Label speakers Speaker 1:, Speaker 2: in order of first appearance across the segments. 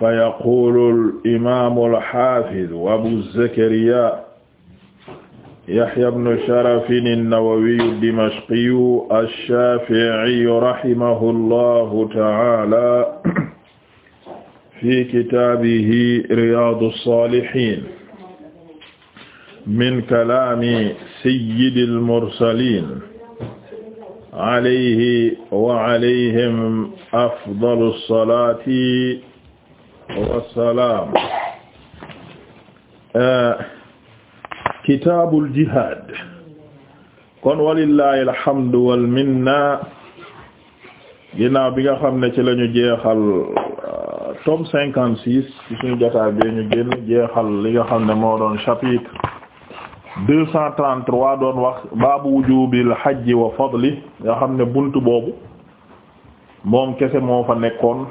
Speaker 1: fa yaqulu al-imaamu al-haafidu abu zakariyaa yahya bnu sharafin an-nawawiyu ad-dimashqiyu ash-shaafi'iyu rahimahu llahu ta'aala fi kitaabihi riyaadu s-saalihiin min kalaami sayyidi l-mursaliin alayhi wa alayhim afdalu s-salaati wassalaam kitaabul jihaad kon walillahi alhamdu wal minna bi nga xam ne ci lañu ñu jeexal euh, tome ci suñu jotaay bi ñu génn jeexal li nga xam ne moo doon chapitre deux cent trente trois doon wax baabu wujubil hajji wa fadli nga xam ne bunt boobu moom kese moo fa nekkoon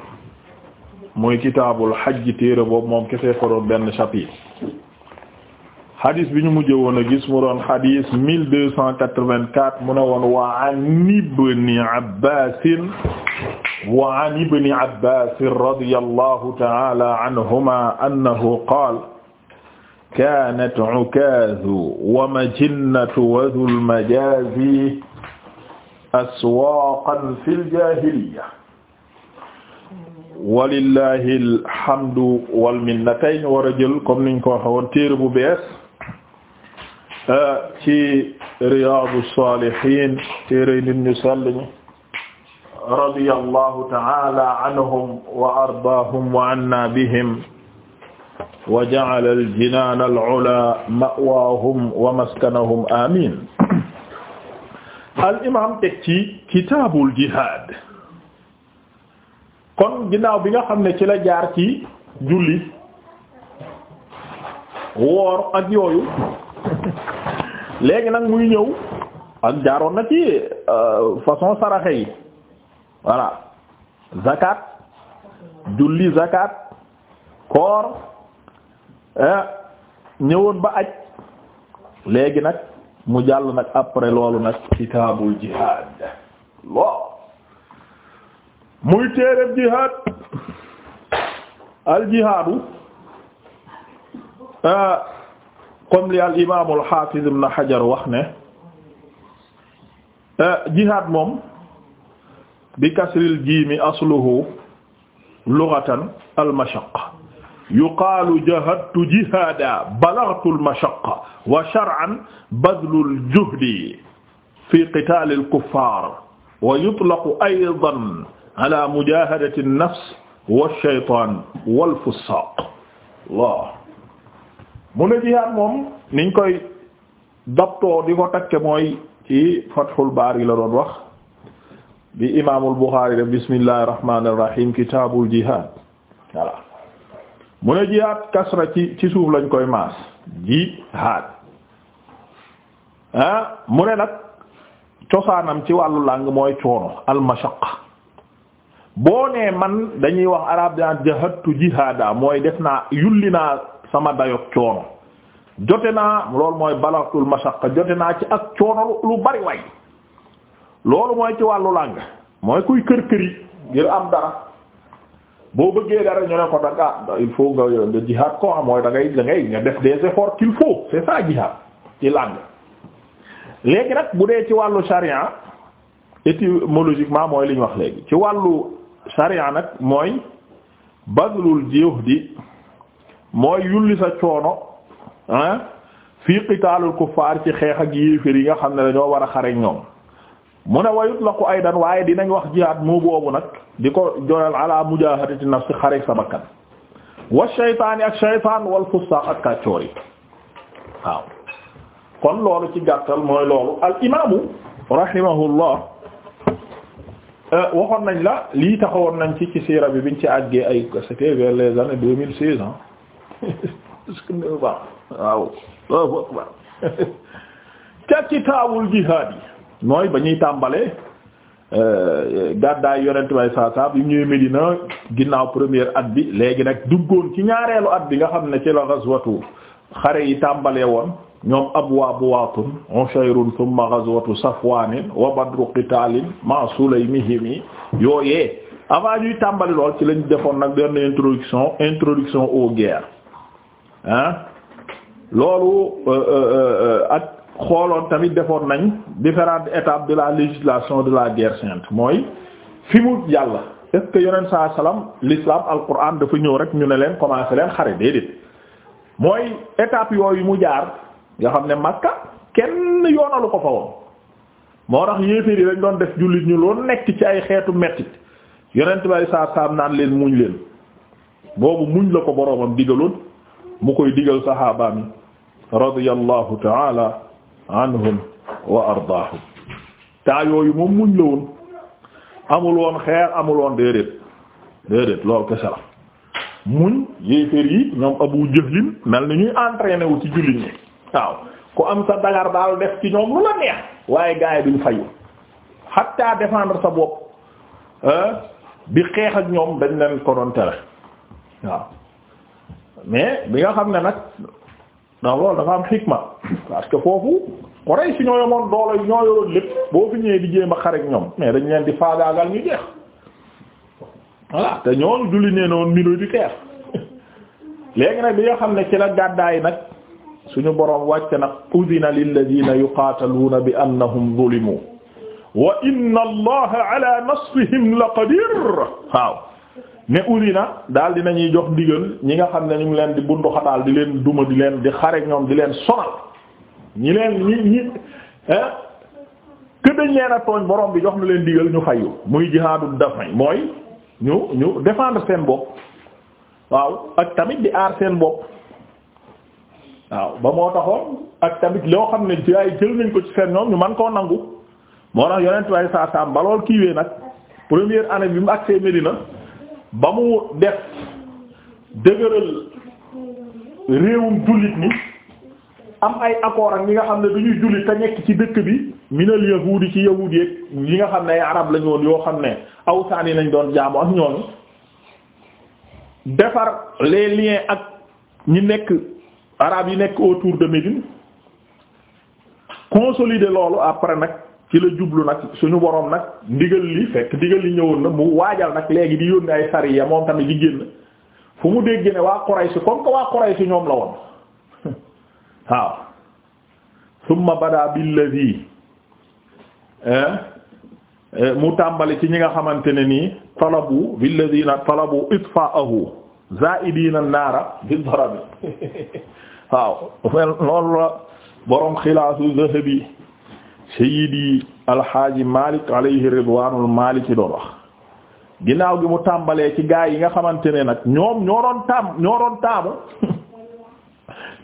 Speaker 1: muy kitaabul xajj téere boobu moom kese ko doon benn chapitre hadith bi ñu mujjee woon a gis mu doon hadith mille deux cent quatre-vingt-quatre mu ne woon wa an ibni Abbaas wa an ibni Abbaas radiyallahu ta'ala anhuma annahu qaala kaanat ukaazu wa majinnatu wa dhul majaazi aswaaqan fil jaahiliyya walillahi alhamdu wal minna tey ñu war a jël comme niñ ko waxoon téere bu bees euh, ci Riyadou Salihine téere nit ñu sell ñi radiyallahu ta'ala anhum wa ardaahum wa anna bihim wa ja'ala al-jinaana al-'ulaa ma'waahum wa maskanahum amiin al imaam teg ci kitaabul jihaad kon ginnaaw bi nga xam ne ci la jaar ci julli woor ak yooyu léegi nag muy ñëw ak jaaroon na ci euh, façon saraxe yi voilà zakat julli zakat koor ñëwoon ba aj léegi nag mu jàll nag après loolu nag kitaabul jihaad lo muy téereb jihaad al jihaadu ah, comme li al imaam al xaafiz ibn Hajar wax ne ah, jihaad moom bi kasril jiimi asluhu lughatan al mashaqqa yuqaalu jahadtu jihaada balagtu al mashaqqa wa shar'an badlu al juhdi fi qitaal al kuffaar wa yutlaqu aydan ala mujahadati an-nafs mu ne jihaad moom niñ koy daptoo di ko takke mooy ci Fathul Baari la doon wax bi imaamul Buxaari def bismillahir rahmanir mu ne jihaad kasra ci suuf lañ koy maas jihaad ah, mu ne nag cosaanam ci wàllu làng mooy coono al boo nee man dañuy wax arab daan jahadtu jihaada mooy def naa yulli naa sama dayok coono jote naa loolu mooy balaxtul mashaqqa jote naa ci ak coono lu bari way loolu mooy ci wàllu làng mooy kuy kër këri ngir am dara boo bëggee dara ñu ne ko danga il faut nga nga jihaad ko am ah mooy da ngay da nga def des efforts qu'il faut c'est ça jihaad ci làng léegi nag bu dee ci wàllu charia étymologiquement mooy li ñu wax léegi ci wàllu sariya nag mooy bazlul juhdi mooy yulli sa coono ah fii qitaalul kuffaar ci xeex ak yéeféer yi nga xam ne dañoo war a xare ñoom mu ne wayut la ko aydan waaye dinañ wax jihaad mu boobu nag di ko joral ala mujaahadati nafsi xare sa bakkan shaytaani ak shaytaan wal fussaaq ak kàccoor waaw kon loolu ci gàttal mooy loolu al imaamu rahimahullah Euh, waxoon nañ la lii taxawoon nañ ci ci siira bi biñ ci àggee ay c'était vers les années deux mille seize ans waaw waaw ca kitaabul jihaad yi mooy ba ñuy tàmbalee euh, gàddaay yonent bay saasaab yu ñëwee Medina ginnaaw première at bi léegi nag duggoon ci ñaareelu at bi nga xam ne ci la ghazwatu xare yi tàmbalee woon ñoom abwa buwaatun ushayrun thumma ghazwatu safwanin wa badru qitaalin ma sulaymihimi yooyee avant yuy tàmbali lool ci lañ defoon nag benn introduction introduction au guerres hein loolu euh, euh, euh, ak xooloon tamit defoon nañ différentes étapes de la législation de la guerre sainte mooy fi mu yàlla est-ce que yonent saa salaam l'islam alquran dafa ñëw rek ñu ne leen commencé leen xare déedéet mooy étapes yooyu mu jaar. nga xam ne Makka kenn yoonalu ko fa woon moo tax yéeféer yi dañ doon def jullit ñu loolu nekk ci ay xeetu mettit yonent bay saa saam naan leen muñ leen boobu muñ la ko boroomam digaloon mu koy digal saxaaba mi radiyallahu taala anhum wa ardaahum taa yooyu moom muñ la woon amul woon xeer amul woon déedéet déedéet loolu kese la muñ yéeféer yi ñoom Abu Jahlin mel ni ñuy entraîné wu ci jullit ñi waaw ku am sa dagar daal def ci ñoom lu la neex waaye gars yi duñ fayu xatta défendre sa bopp bi xeex ak ñoom dañ leen ko doon waaw mais bi nga xam ne nag ndax loolu dafa am xikma parce que foofu Quraysh si ñoo yomoon doole ñoo yoroon lépp boo fi ñëwee di jéem a xare ak ñoom mais dañ leen di faagaagal ñu jeex voilà te ñoonu julli nee noonu minoritaire léegi nag bi nga xam ne ci la gàddaay nag suñu boroom wàcc nag udina lilladina yuqaataluuna bi annahum zulimu wa inna allaha ala nasrihim la qadir waaw ne udina daal dina ñuy jox ndigal ñi nga xam ne ñu ngi leen di bunduxataal di leen duma di leen di xare ñoom di leen sonal ñi leen ñi ñi que eh? leen a tooñ boroom bi jox na leen digal ñu fayu muy jihaadu dafay mooy ñu ñu défendre seen bopp waaw ak tamit di aar seen bopp waaw ba moo taxoon ak tamit loo xam ne jaay jël nañ ko ci seen ñoom ñu man koo nangu moo tax yonent waaye saa saam ba lool kiiwee nag première année bi mu agsee Medina ba mu def dëgëral réewum jullit ni am ay accord ak ñi nga xam ne duñuy jullit te nekk ci dëkk bi minal yahuudi ci yahuudi yeeg yi nga xam ne ay arab lañu woon yoo xam ne awsaan yi lañ doon jaamu ak ñooñu defar les lien ak ñi nekk arab yi nekk autour de Médine consolider loolu après nag ci la jublu nag suñu boroom nag ndigal li fekk ndigal li ñëwoon na mu waajal nag léegi di yónni ay sariya moom tamit di génn fu mu dégg ne waa Quraysh comme que waa Quraysh ñoom la woon waaw summa bada billadi eh, mu tàmbali ci ñi nga xamante ne nii talabu billadina talabu itfaahu zaa'idiina naara bi darabi waaw loolu la borom xilaasu zahabi sayyidi alxaaji Malik alayhi ridwaanul Maliki doon wax ginnaaw gi mu tàmbalee ci gaa yi nga xamante ne nag ñoom ñoo doon taam ñoo doon taamu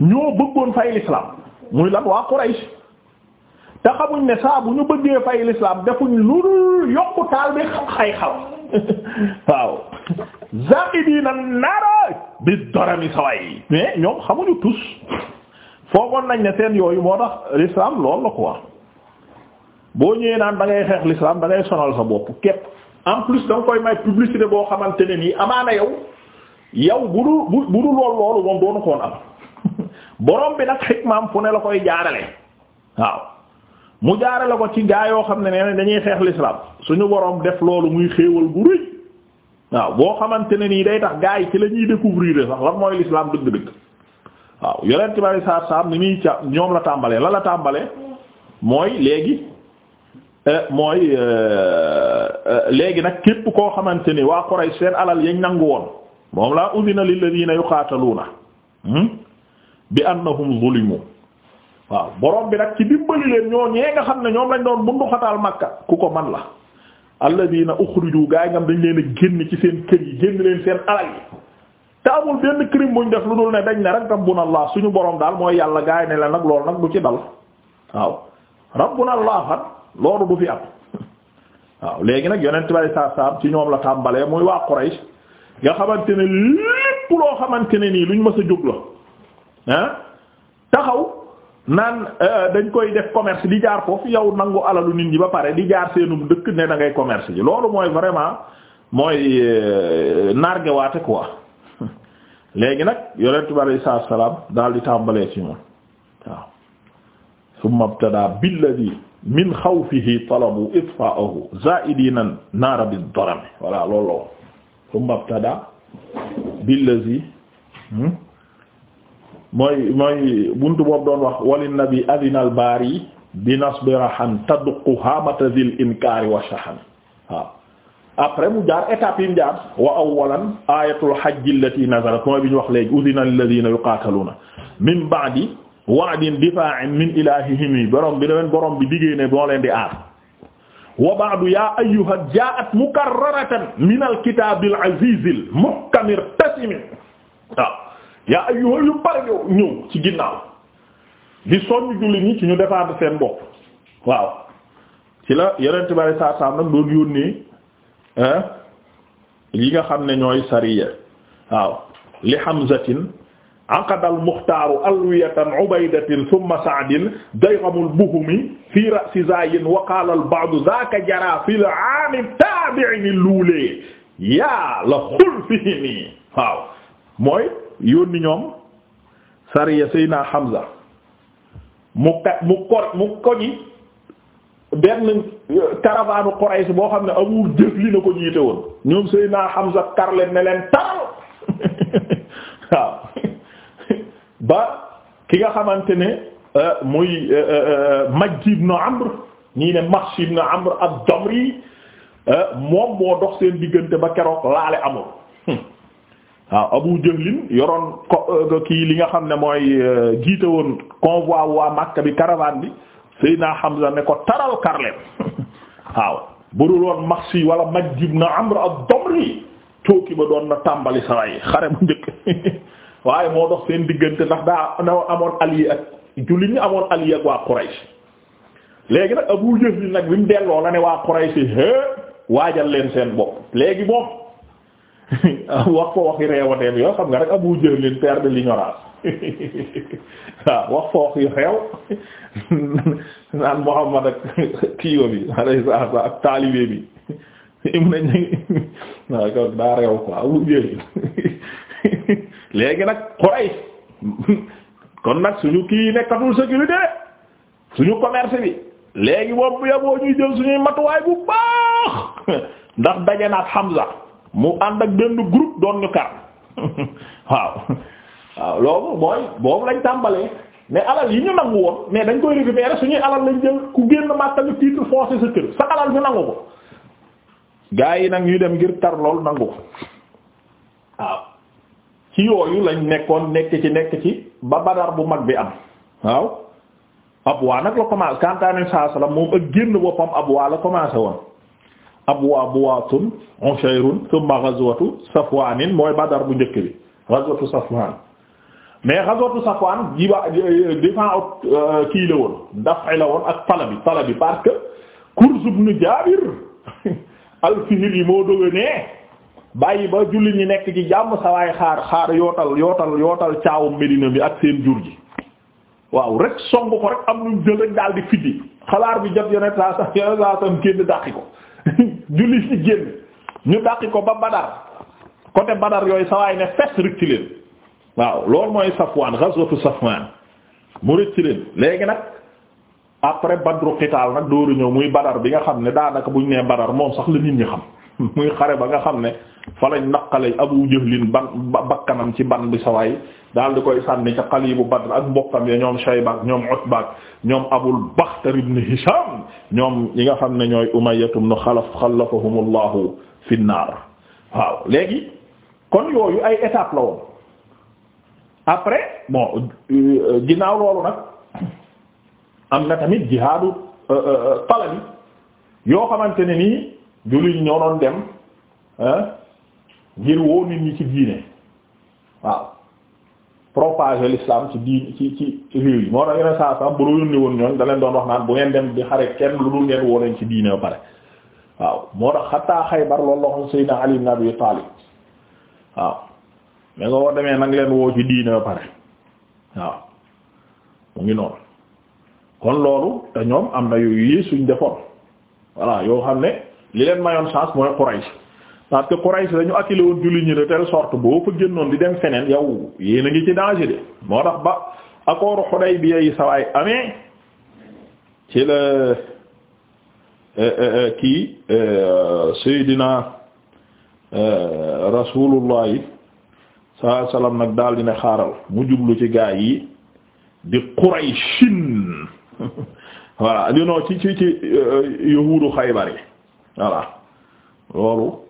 Speaker 1: ñoo bëggoon fay l'islam muy lan waa Quraysh te xamuñ ne saa ñu bëggee fay l'islam defuñ lu yokku taal bi xay xal waaw zaqidina nara bi dorami saway mais ñoom xamuñu tus foogoon nañ ne seen yooyu moo tax l'islam loolu la quoi boo ñëwee naan da ngay xeex l'islam da sonal sa bopp képp en plus da nga koy may publicité boo xamante ne nii amaana yow yow bu dul bu dul lool loolu moom doonu koon am boroom bi nag xikmaam fu ne la koy jaarale waaw mu jaarale ko ci gaa yoo xam ne nee dañuy xeex l'islam suñu borom def loolu muy xéewal gu rëy waaw boo xamante ne nii day tax gars yi ci la ñuy découvrir sax lan mooy l'islam dëgg-dëgg waaw yolent bari saar saam ni muy ca ñoom la tàmbalee la la tàmbalee mooy léegi euh, mooy euh, euh, léegi nag képp koo xamante ni waa Quraysh seen alal yañ nangu woon moom laa na udina lilladina na hmm, bi annahum zulimu waaw borom bi nag ci dimbali leen ñoo ñee nga xam ne ñoom lañ doon bunduxataal Makka ku ko man la alladina uxriju gaa yi ngam dañu leen génn ci seen kër yi génn leen seen alal yi te amul benn crime buñ def lu dul ne dañ ne rek rabbuna allah suñu boroom daal mooy yàlla gaa yi ne la nag lool nag du ci dal waaw rabbuna allah xat loolu du fi am waaw léegi nag yonent bay saa saam ci ñoom la tàmbalee muy waa Quraysh nga xamante ne lépp loo xamante ne nii luñ mës a jóg la ah taxaw naan euh, dañ koy def commerce di jaar foofu yow nangu alalu nit ñi ba pare di jaar seenum dëkk ne dangay commerce ji loolu mooy vraiment mooy euh, nargewaate quoi léegi nag yonent bi alayhi salaatu salaam daal di tàmbalee ci moom waaw summa btada billadi min xawfihi talabu itfaahu zaidinan naara bi dorami voilà loolu la woon summa btada billadi hmm? mooy mooy buntu boobu doon wax walin nabi adinal baari bi nasbirahan taduqu hamata zil inkaari wa shahan waaw après mu jaar étape yi mu jaar wa awalan ayatul hajj allati nazalat mooy bi ñu wax léegi udina alladhina yuqataluna min ba'di wa'din difaa'in min ilahihim yi borom bi leen borom bi diggée ne boo leen di aar wa ba'du ya ayyuha ja'at mukarraratan min alkitabil azizil muhkamir tasimi waaw yaa ay yu bari ñëw ci ginnaaw di soññ julli ñi ci ñu défendre seen bopp waaw ci la yeneen bari saa saam nag doon yónnee nga xam ne ñooy sariya waaw li hamzatin aqadal muxtaaru alwiyatan ubaydatin thumma saadin dayramul buhumi fi ra'si zayin wa qaala al ba'du zaaka fi al aami taabi'in luulee yaa la xulfihimi waaw mooy yónni ñoom sariya Seydina Hamza mu mu ko mu koji benn caravane Quraysh boo xam ne amul jëf li na ko jiite woon ñoom Seydina Hamza karle ne leen taral waaw ba ki nga xamante ne euh, muy euh, euh, Majji ibn Amr ñii ne Mahshi ibn Amr ad-Damri moom moo dox seen diggante ba keroog laale amul waaw Abu Jahlin yoroon ko euh, kii li nga xam ne mooy euh, jiite woon convoi waa Makka bi caravane bi Seydina Hamza ne ko taral karleen waaw budul woon Maxsi wala Majd ibn Amr ad-Damri cooki ba doon na tàmbali saway xare bu njëkk waaye moo dox seen diggante ndax daa amoon allié ak jullit ñi amoon allié ak waa Quraysh léegi nag Abu Jahlin nag bi mu delloo la ne waa Quraysh hé waajal leen seen bopp léegi moom wax ko waxi reewateen yoo xam nga rek Abu Jahl père de l'ignorance waaw wax ko wax yu xeew naan Muhammad ak kiiwa bi alayhi salaam ak taalibe bi im nañ waaw ko léegi nag Quraysh kon nag suñu kii nekkatul sécurité suñu commerce bi léegi boobu yaboo ñuy jël suñuy matuwaay bu baax ndax daje Hamza mu ànd ak benn group doon ñu kar waaw waaw loolu mooy boobu lañ tàmbalee mais alal yi ñu nangu woon mais dañ koy récupérer suñuy alal lañ jël ku génn Makka nga titre foncé sa kër sa alal ñu nangu ko gaa yi nag ñuy dem ngir tar lool nangu ko waaw ci yooyu lañ nekkoon nekk ci nekk ci ba badar bu mag bi am waaw ab waa nag la commencé kantaane saa la moom ak génn boppam ab waa la commencé woon abwa buwaatun ushayrun thumma ghazwatu safwaanin mooy badar bu njëkk bi ghazwatu safwaan mais ghazwatu safwaan jiba défend euh, kii la woon dafay la woon ak pala bi pala bi parce que Kurz ibn Jaabir al-Fihri moo doge nee bàyyi ba julli ñi nekk ci jàmm sawaay xaar xaar yootal yootal yootal caawum Medina bi ak seen jur ji waaw rek song ko rek am lu jël rek daal di fiddi xalaar bi jot yonent saa sa yonent saa ko julli ci génn ñu dàqi ko ba Badar côté Badar yooyu sawaay ne fes rëcc leen waaw loolu mooy Safwaan ghazwatu Safwaan mu rëcc leen léegi nag après Badru Qitaal nag dooru ñëw muy Badar bi nga xam ne daanaka buñ nee Badar moom sax la nit ñi xam muy xare ba nga xam ne fa lañ naqale Abu Jahlin ban bakkanam ci ban bi sawaay daal di koy sànni ca qalibu Badr ak mbokkam ya ñoom Shayba ak ñoom Utba ak ñoom Abul Bakhtar ibn Hisham ñoom ñi nga xam ne ñooy Umayya ibn Khalaf xalafahum allahu fi naar waaw léegi kon yooyu ay étape la woon après bon ginnaaw loolu nag am na tamit jihaadu talabi euh, euh, euh, yoo xamante ni nii jullit ñoo doon dem ngir woo nit ñi ci diine waaw propager l'islam ci diin ci ci réew yi moo tax yeneen saa sax bu doon yónnee woon ñoom da doon wax naan bu ngeen dem di xare kenn lu dul ngeen woo leen ci diine ba pare waaw moo tax xataa Xaybar loolu la waxoon Seydina Ali ibn Abi Talib waaw demee nag leen woo ci diine ba pare waaw mu ngi noonu kon loolu te ñoom am na yu yi suñ defoon voilà yoo xam ne li leen mayoon chance mooy Quraysh parce que Quraysh dañu attilé woon jullit ñi de telle sorte boo fa génnoon di dem feneen yow yéen a ngi ci danger de moo tax ba accord Hudaybiya yi sawaay amee ci la euh, euh, euh, kii Seydina Rasulullah yi salaam nag daal di xaaral mu jublu ci gaa yi di Qurayshin voilà you know ci ci ci yahuudu Xaybar yi voilà loolu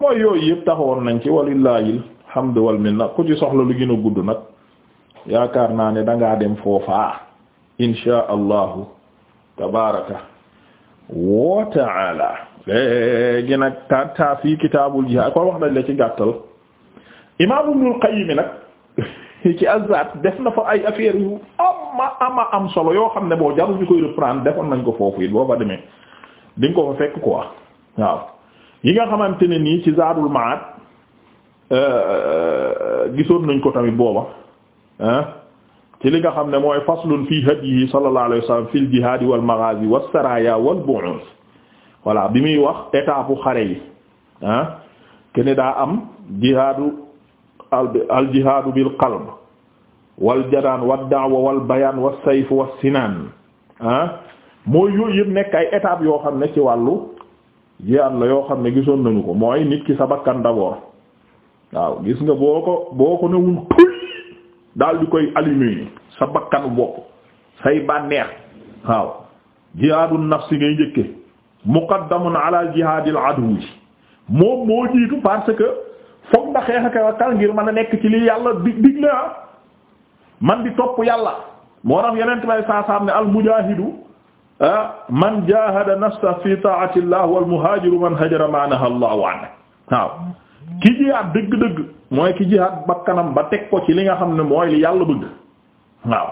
Speaker 1: mooy yooyu yëpp taxawoon nañ ci walillaahil hamdu wal minna ku ci soxla lu gën a gudd nag yaakaar naa ne dangaa dem foofaa insha allahu tabaraka wa taala léegi nag kanta fii kitaabul jihaad kon wax nañ la ci gàttal imaam Ibnul Qayyim nag ci azat def na fa ay affaire yu ama ama am solo yoo xam ne boo jarul ñu koy reprendre defoon nañ ko foofu it boo fa demee di ko fa fekk quoi waaw yi nga xamante ne nii ci Zaadul Maad euh, euh, gisoon nañ ko tamit booba ci li nga xam ne mooy faslun fi hadyihi sallallahu alayhi wa sallam fil jihaad wal maghaazi wal bu'uus voilà bi muy wax étape xare yi ah kene daa am jihaadu al jihaadu bil qalb wal jadaan wad da'wa wal bayaan was sayf was sinaan ah mooy yooyu yëpp nekk ay étapes yoo xam ne ci wàllu. jihaad la yoo xam ne gisoon nañu ko mooy nit ki sa bakkan d'abord waaw gis nga boo ko boo ko newul tuy daal di koy allumer sa bakkanu bopp say bànneex waaw jihaadu nafsi ngay njëkke muqaddamun ala jihaadil aduw moom moo jiitu parce que foog nga xeex ak wakkal ngir mën a nekk ci li yàlla dig dig la ah man di topp yàlla moo tax yeneen bay saa saam ne al mujaahidu Ah, man jahada nafsa fi taati llah wal muhajiru man hajara ma naha llahu anhu waaw ki jihaad dëgg-dëgg mooy ki jihaad bakkanam ba teg ko ci li nga xam ne mooy li yàlla bëgg waaw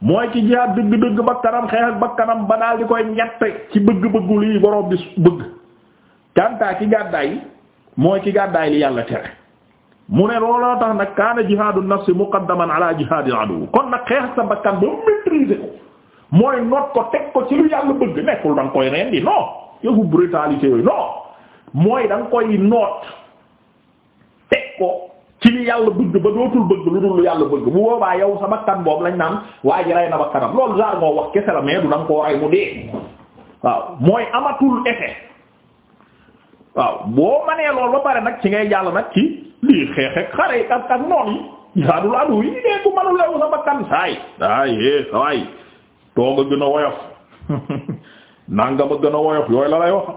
Speaker 1: mooy ki jihaad dëgg-dëgg bakkanam xeex ak bakkanam ba daal di koy ñett ci bëgg-bëggu lii borom bi bëgg kantaa ki gàddaay mooy ki gàddaay li yàlla tere mu ne looloo tax nag kaana jihaadu nafsi muqaddaman ala jihaadil adu kon nag xeex sa bakkan ba maîtriser ko mooy not ko teg ko ci lu yàlla bëgg nekkul da nga koy rendi non yëfu brutalité yooyu non mooy da nga koy noot teg ko ci li yàlla bëgg ba dootul bëgg lu dul lu yàlla bëgg bu boobaa yow sa bakkan boobu lañ naan waa ji rey na bakkanam loolu genre moo wax kese la mais du da koo rey mu dee waaw mooy amatul effet waaw boo manee loolu ba pare nag ci ngay jàll nag ci lii xeexek xare ak ak noon yi jaadul adu yi dee manul lewu sa bakkan saay saay eh, saay tooga gën a woyof nangama gën a woyof yooyu la lay wax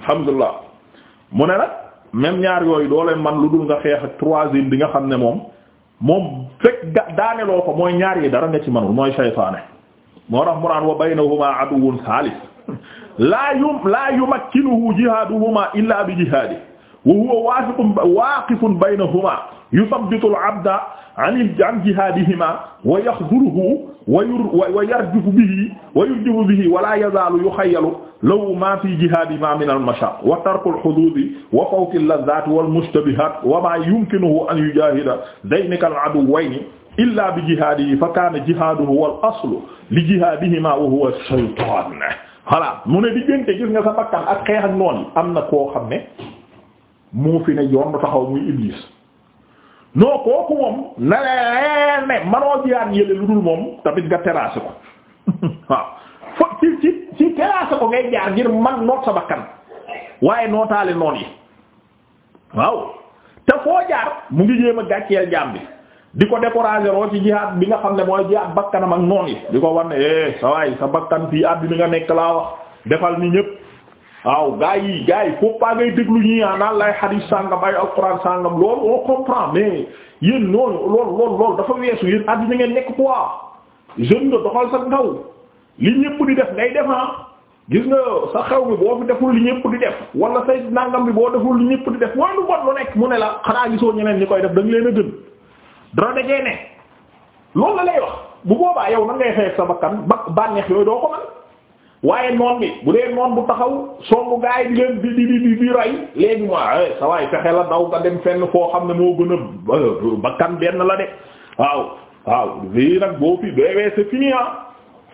Speaker 1: alhamdulilah mu ne la même ñaar yooyu doo leen man lu dul nga xeex ak troisième bi nga xam ne moom moom fekk daaneloo ko mooy ñaar yi dara nga ci manul mooy saytaane moo tax mu naan wa baynahuma aduwwun saalis laa yum laa yumakkinuhu jihaaduhuma illa bi jihaadi wa huwa waaqifun baynahuma yusabbitu al abda an an jihaadihima wa yaxduruhu wa yur wa yarjufu bihi wa yurjufu bihi wala yazaalu yuxayyalu law maa fi jihaadihima min al-mashaaq wa tarku al-huduudi wa fawti al-lazzaati wal-mushtabihaat wa maa yumkinuhu an yujaahida dhaynika al-aduwwayni illaa bi jihaadihi fa kaana jihaaduhu huwa al-aslu li jihaadihima wa huwa ash-shaytaan voilà mu ne diggante gis nga sa bakkan ak xeex ak noon am na koo xam ne moo fi ne yoon taxaw muy Iblis. non kooku moom na manoo jiyaat yële lu dul moom tamit nga terrassé ko waaw fo ci ci ci terrassé ko ngay jaar ngir man noot sa bakkan waaye nootaale noon yi waaw te foo jaar mu ngi jéem a gàcceel jaam bi di ko décourager roo ci jihaat bi nga xam ne mooy jihaat bakkanam ak noon yi di ko war ne eh sa waay sa bakkan fii àddina nga nekk laa wax defal ni ñépp waaw gaa yi gaa yi faut pas ngay déglu ñi ah naan lay xadiis sàngam ay alxuraan sàngam loolu on comprend mais yéen noonu loolu loolu loolu dafa weesu yéen àddina ngeen nekk ko quoi jën nga doxal sa ndaw li ñépp di def ngay def ah gis nga sa xew bi boo fi deful li ñëpp di def wala say nangam bi boo deful li ñëpp di def mooy lu bon lu nekk mu ne la xanaa gisoo ñeneen ñi koy def da nga leen a gën dara dajee ne loolu la lay wax bu boobaa yow nan ngay sa bakkan ba bànneex yooyu ko waaye noon bi bu dee noon bu taxaw songu gaay di leen di di di di rey léegi mu ah sa fexe la daw nga dem fenn foo xam ne moo gën a euh, bakkan benn la de waaw waaw lii nag boo fi beewee c'est fini ah.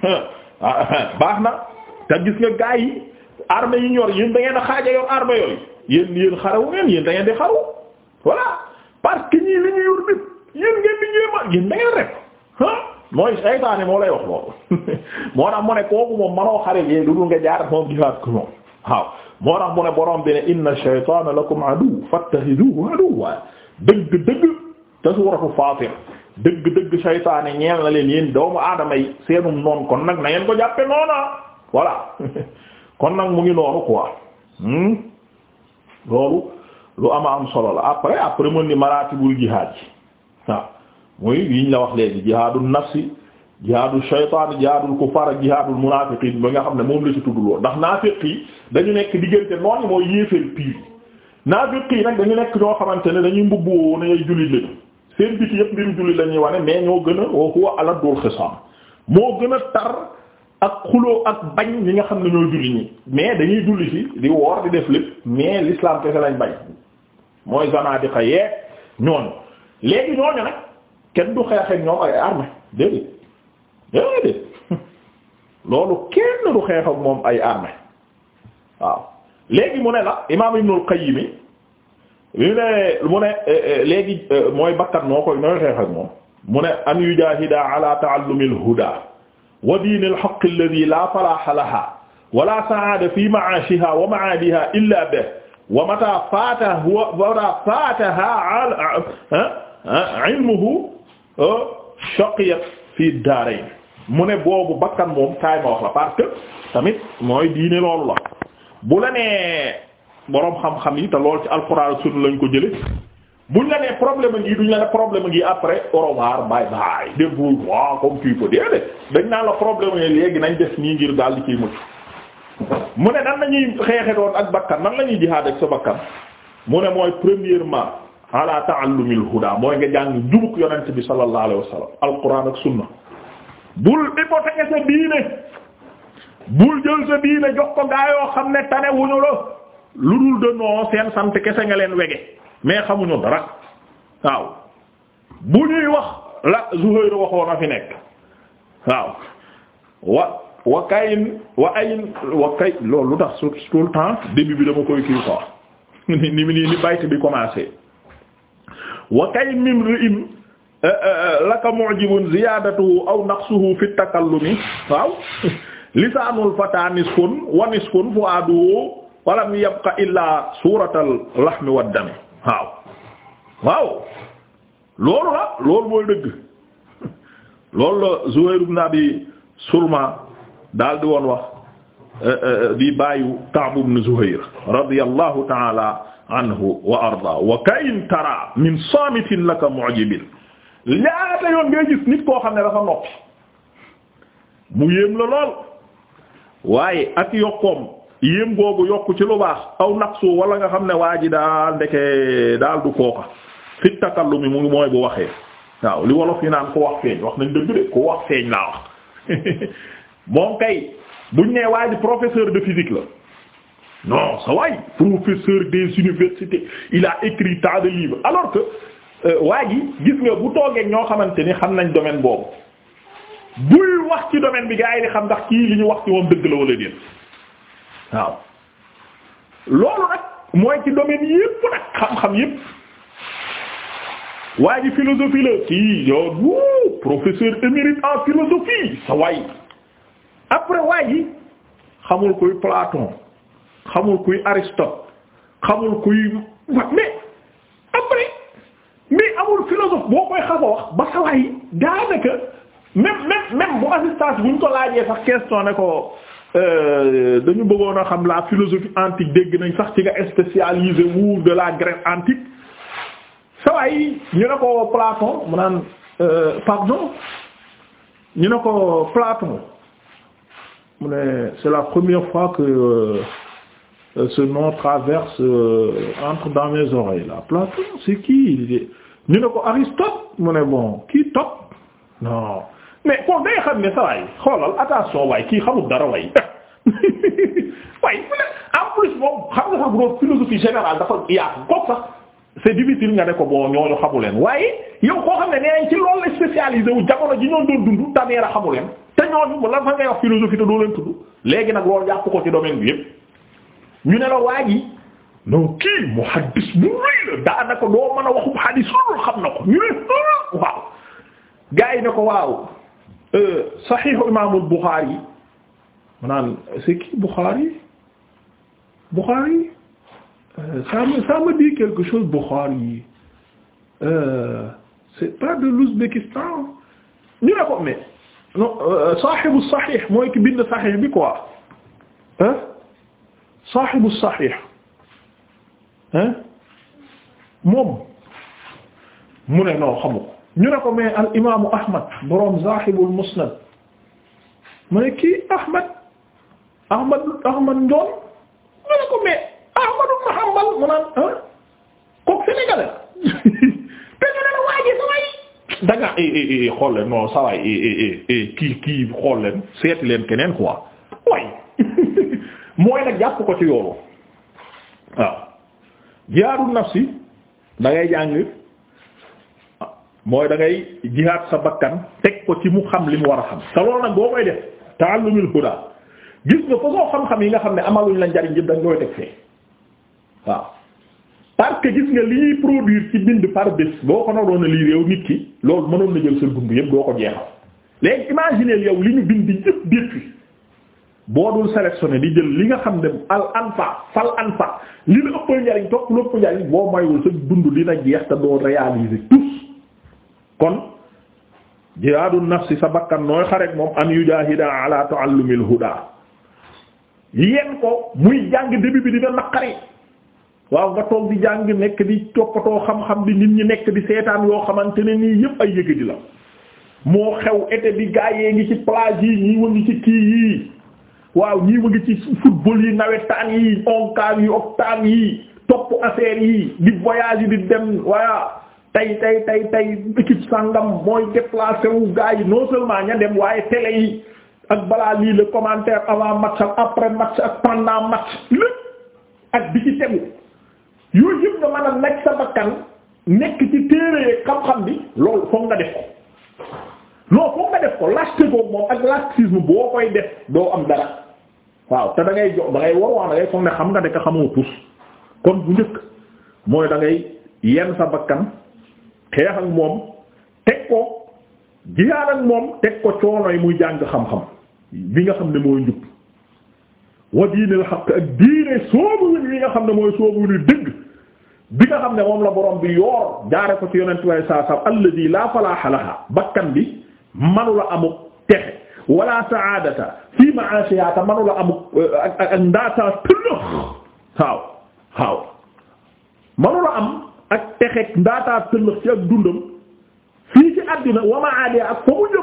Speaker 1: Ah, baax na te gis nga gaay yi armée yi ñor yéen da ngeen a xaaja yor armée yooyu yéen yéen xarawu ngeen yéen da ngeen di xaru voilà parce que ñii li ñu yor nit yéen ngeen di ñëw yéen da ngeen rek ah. mooy saytaane moo lay wax loolu moo tax mu ne kooku moom manoo xarit yee du dul jaar moom gisaat ko moom waaw moo tax mu ne borom bi ne inna shaytaana lakum aduw fattaxiduhu aduwwa dëgg dëgg te suuratu Faatir dëgg dëgg saytaane ñeel na leen yéen doomu aadama yi seenum noon kon nag na ngeen ko jàppe noona voilà kon nag mu ngi noonu quoi hmm? loolu lu ama am solo la après après mën ni ji waaw muy yiñ la wax léegi jihaadu nafsi jihaadu shaytaan jihaadul kufaar ak jihaadul munaafiqiin ba nga xam ne moom la ci tuddul woon ndax naafiq yi dañu nekk diggante noonu mooy yéefeel piir naafiq yi nag dañu nekk ñoo xamante ne dañuy mbubb woon ay jullit lañu seen biti yëpp mbiru jullit lañuy wane mais ñoo gën a wa huwa aladul xisaam moo gën a tar ak xuloo ak bañ ñi nga xam ne ñoo julli ñi mais dañuy julli ci di woor di def lépp mais l'islam kese lañ bañ mooy zanaadiqa yeeg ñooñu léegi kenn du xeexeek ñoom ay armée déedéet déedéet loolu kenn du xeex ak moom ay armée waaw léegi mu ne la imaam Ibnul Qayyim li ne mu ne eh, eh, léegi eh, mooy bakkan noo koy nooy xeex ak moom mu ne an yujahida ala ta'allumil huda wa diinil haqq alladhi la falaha laha wala sa'ada fi ma'ashiha wa ma'adiha illa bihi wa mata fatahu wa mata fataha ilmuhu Euh, shaqiyat fi yi mu ne boobu bakkan moom kaay ma wax la parce que tamit mooy diine loolu la bu la nee boroom xam-xam yi te lool ci alxuraan sunna lañ ko jële buñ la problème a ngi problème a ngi après au revoir bye bye débrouille-toi comme la problème léegi nañ def nii daal di ciy mu ne nan lañuy xeexee doon ak bakkan nan lañuy jihaad ak sa bakkan mu ne mooy premièrement ala ta'allumil huda mooy nga jàng jubuk yonent bi sallallahu alayhi wa sallam alquran ak sunna bul hypothéquer sa diine bul jël sa diine jox ko gaa yoo xam ne tane wuñu la lu dul de non seen sant kese nga leen wege mais xamuñu dara waaw bu ñuy wax la Zuhayr waxoon a fi nekk waaw wa wa kayin wa loolu lu tax tout le temps bi dama koy kii quoi ni ni ni bayte bi commencé wa kay mim ri'in eh, eh, eh, laka mu'jibun ziyaadatuhu aw naqsuhu fi takallumi waaw lisaanul fataa nisfun wa nisfun fu'aaduhu wa lam yabqa illaa suuratal lahmi wad dami waaw waaw loolu la loolu mooy dëgg loolu la Zuhayr ibn Abi Sulma daal di woon wax di bàyyu Ka'b ibn Zuhayr radiyallahu ta'ala anhu wa arda wa kayin tara min saamitin laka mu'jibin laata yoon nit koo xam ne dafa noppi mu yéem la lool waaye ak yokkoom yéem googu yokk ci lu baax aw naqsu wala nga xam ne waa ji daal ndeke daal du kooka fi takallumi mu ngi mooy bu waxee waaw li wolof yi naan ko wax feeñ wax nañ dëgg de ko wax feeñ laa wax moom kay buñ nee waa ji professeur de physique la non sa waay professeur des universités il a écrit tant de livres alors que euh, waa ji gis nga bu toogee ñoo xamante ni xam nañ domaine boobu buy wax ci domaine bi gaa yi di xam ndax kii li ñu wax ci moom dëgg la wala déet waaw loolu nag mooy ci domaine yépp nag xam-xam yépp waa ji philosophie la kii yow wuu professeur émérite en philosophie sa waay après waa ji xamul koy Platon xamul kuy Aristote xamul kuy mais après mais amul philosophe boo koy xafa wax ba sawaay daanaka même même même bu assistance buñ ko laajee sax question ne ko euh, dañu bëggoon a xam la philosophie antique dégg nañ sax ci nga spécialisé wu de la Grèce antique sawaay ñu ne ko Platon mu naan euh, pardon ñu ne ko Platon mu ne c'est la première fois que euh, Euh, ce nom traverse euh, entre dans mes oreilles là Platon c'est qui ñu ne ko Aristote mu ne bon kii top non mais kon day xam ne saa yi xoolal attention waay kii xamul dara waay waay en plus moom xam nga sax bu doon philosophie générale dafa yaatu kooku sax c'est difficile nga ne ko bon ñooñu xamu leen waaye yow koo xam ne nee ci loolu la spécialisé wu jamono ji ñoo doon dund tamit a xamu leen te ñooñu la fa ngay wax philosophie te doo leen tudd léegi nag lool jàpp ko ci domaine bi yépp. ñu ne la waa ji non kii mu hadis bu rëy la daanaka doo mën a waxu hadis xam na ko ñu ne ah, waaw gars yi ne ko waaw euh, saxiixu imaamul Buxaari mu naan c'est qui Buxaari Buxaari euh, ça me ça me dit quelque chose Buxaari euh, c'est pas de ñu ne ko mais non saaxibu mooy ki bind saxiix bi quoi hein saaxibu saxiix hein moom mu ne noo xamu ko ñu ne ko mais al imaamu Ahmad boroom saaxibul musnad mu ne kii Ahmad Ahmad Ahmad Njoon ne ko mais Ahmad ibn Hanbal mu naan hein kooku Sénégalais te ñu ne la waa ji saway da nga eh, eh, eh, xool leen non saway kii kii xool leen seeti leen keneen quoi way mooy nag jàpp ko ci yoolu waaw jihaadul nafsi da ngay jàng mooy dangay ngay jihaad sa bakkan teg ko ci mu xam li mu war a xam te loolu nag boo koy def taal ta'allumul huda gis nga façon xam-xam yi nga xam ne amaluñ la njariñ yëpp dañ koy teg fee waaw parce que gis nga li ñuy produire ci bind par bés boo ko naroon a lii réew nit ki loolu mënoon na jël sa dund yëpp doo ko jeexal léegi imaginer yow li ñu bind yëpp depuis boo dul sélectionné di jël li nga xam ne al anfa fal anfa li la ëpp njariñ topp lu ëpp njariñ boo mayul sa dund dina jeex te doo réaliser tous kon jihaadu nafsi sa bakkan nooy xarek moom an yujahida ala ta'allumil huda yéen muy jàng début bi dina naqari waaw nga toog di jàng nekk di toppatoo xam-xam di nit ñi nekk di seetaan yoo xamante ne nii yëpp ay yëg di la moo xew été bi gaayee ngi ci plage yi ñi wa ngi ci kii yi waaw ñii mu ngi ci football yi nawetaan yi onkaam yi octave yi topp affaire yi di voyage yi di dem voilà tey tey tey tey équipe sàngam mooy déplacé wu gars yi non seulement ña dem waaye télé yi ak balaa lii le commentaire avant match ak après match ak pendant match lépp ak bi ci tegu yooyu yëpp nga mën a nekk sa bakkan nekk ci téere xam-xam bi loolu foog nga def ko non foog nga def ko lâcheté moom ak laxisme boo koy def doo am dara waaw te dangay ngay jo da ngay warwaa da ngay foog ne xam nga nekk xamoo tus kon bu njëkk mooy da ngay yenn sa bakkan xeex moom teg ko jiyaar ak moom teg ko coonoy muy jàng xam-xam bi nga xam ne mooy njub wa diinil xaq ak soobu wi nga xam ne mooy soobu dëgg bi nga xam ne moom la borom bi yoor jaare ko ci yonent way saa saa alladi la falaaha laha bakkan bi manula amuk wala saadata ma ma'ashiyaata manula am ak ak ndaataa tëllëx waaw manula am ak texeeg ndaataa tëllëx ci ak dundam fii ci àddina wa ma'aadiya ak fa mu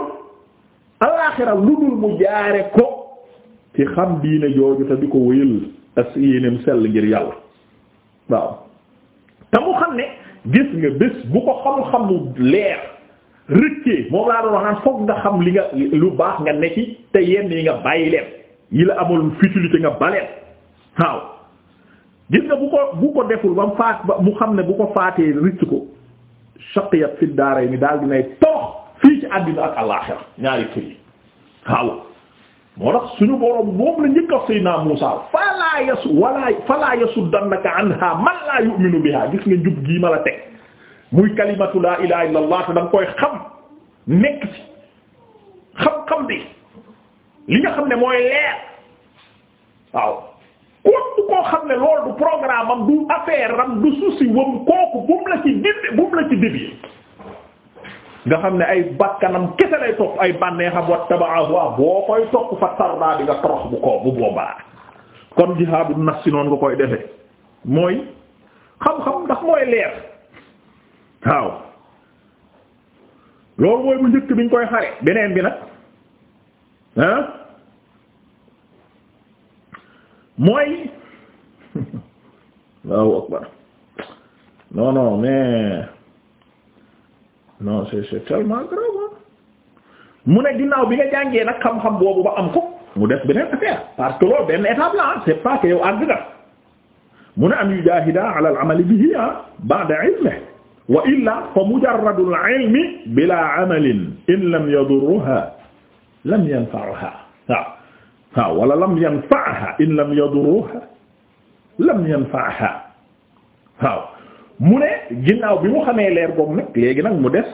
Speaker 1: alaaxira lu dul mu jaare ko ci xam diine jooju di ko wëyal as yéeneem sell ngir yàlla waaw te mu xam ne gis nga bés bu ko xam-xamu leer rëccee moom laa doon wax naan foog nga xam li nga lu baax nga ne te yenn yi nga bàyyi leen yi la amul futilité nga baleen waaw gis nga bu ko bu ko deful ba mu faat ba mu xam ne bu ko faatee rëcc ko shaqiyat fi daaray mi daal dinay toox fii ci àddina ak àllaxira ñaari kër yi waaw moo tax suñu boroom moom la njëkk a Seydina Muusaa falaa yasu walaa falaa yasuddannaka anhaa man laa yu'minu bihaa gis nga njub gii ma la teg muy kalimatu laa ilaha illa allah te da koy xam nekk ci xam-xam bi li nga xam ne mooy leer waaw kooku koo xam ne loolu du programme am du affaire am du souci wam kooku bu mu la ci dindi bu nga xam ne ay bakkanam kese lay topp ay bànneexam wa tabaahu boo koy topp fa tardaa bi torox bu ko bu boobaa kon jihaadu nafsi noonu nga koy defee mooy xam-xam ndax mooy leer. waaw loolu mooy bu njëkk bi xare beneen bi nag ah mooy waaw akbar non non mais non c'est c'est tellement grave mu ne ginnaaw bi nga jàngee nag xam-xam boobu ba am ko mu def beneen affaire parce que loolu benn étape la c'est pas que yow àgg nga mu ne am yujahida ala al amali bihi ba'da ilmihi wa illa fa mujarradul ilmi bila amalin in lam yadurruha lam yanfa'uha waaw waaw wala lam yanfa'ha in lam yadurruha lam yanfa'ha waaw mu ne ginnaaw bi mu xamee leer boobu nag léegi nag mu des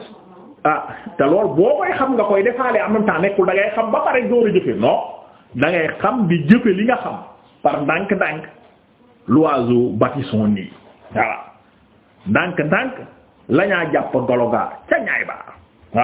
Speaker 1: ah te lool boo koy xam nga koy defaale en même temps nekkul da ngay xam ba pare door a jëfe non da ngay xam di jëfe li nga xam par ndànk-ndànk l'oiseau bâtit son nid voilà ndànk-ndànk lañaa jàpp golo gaa ca ñaay ba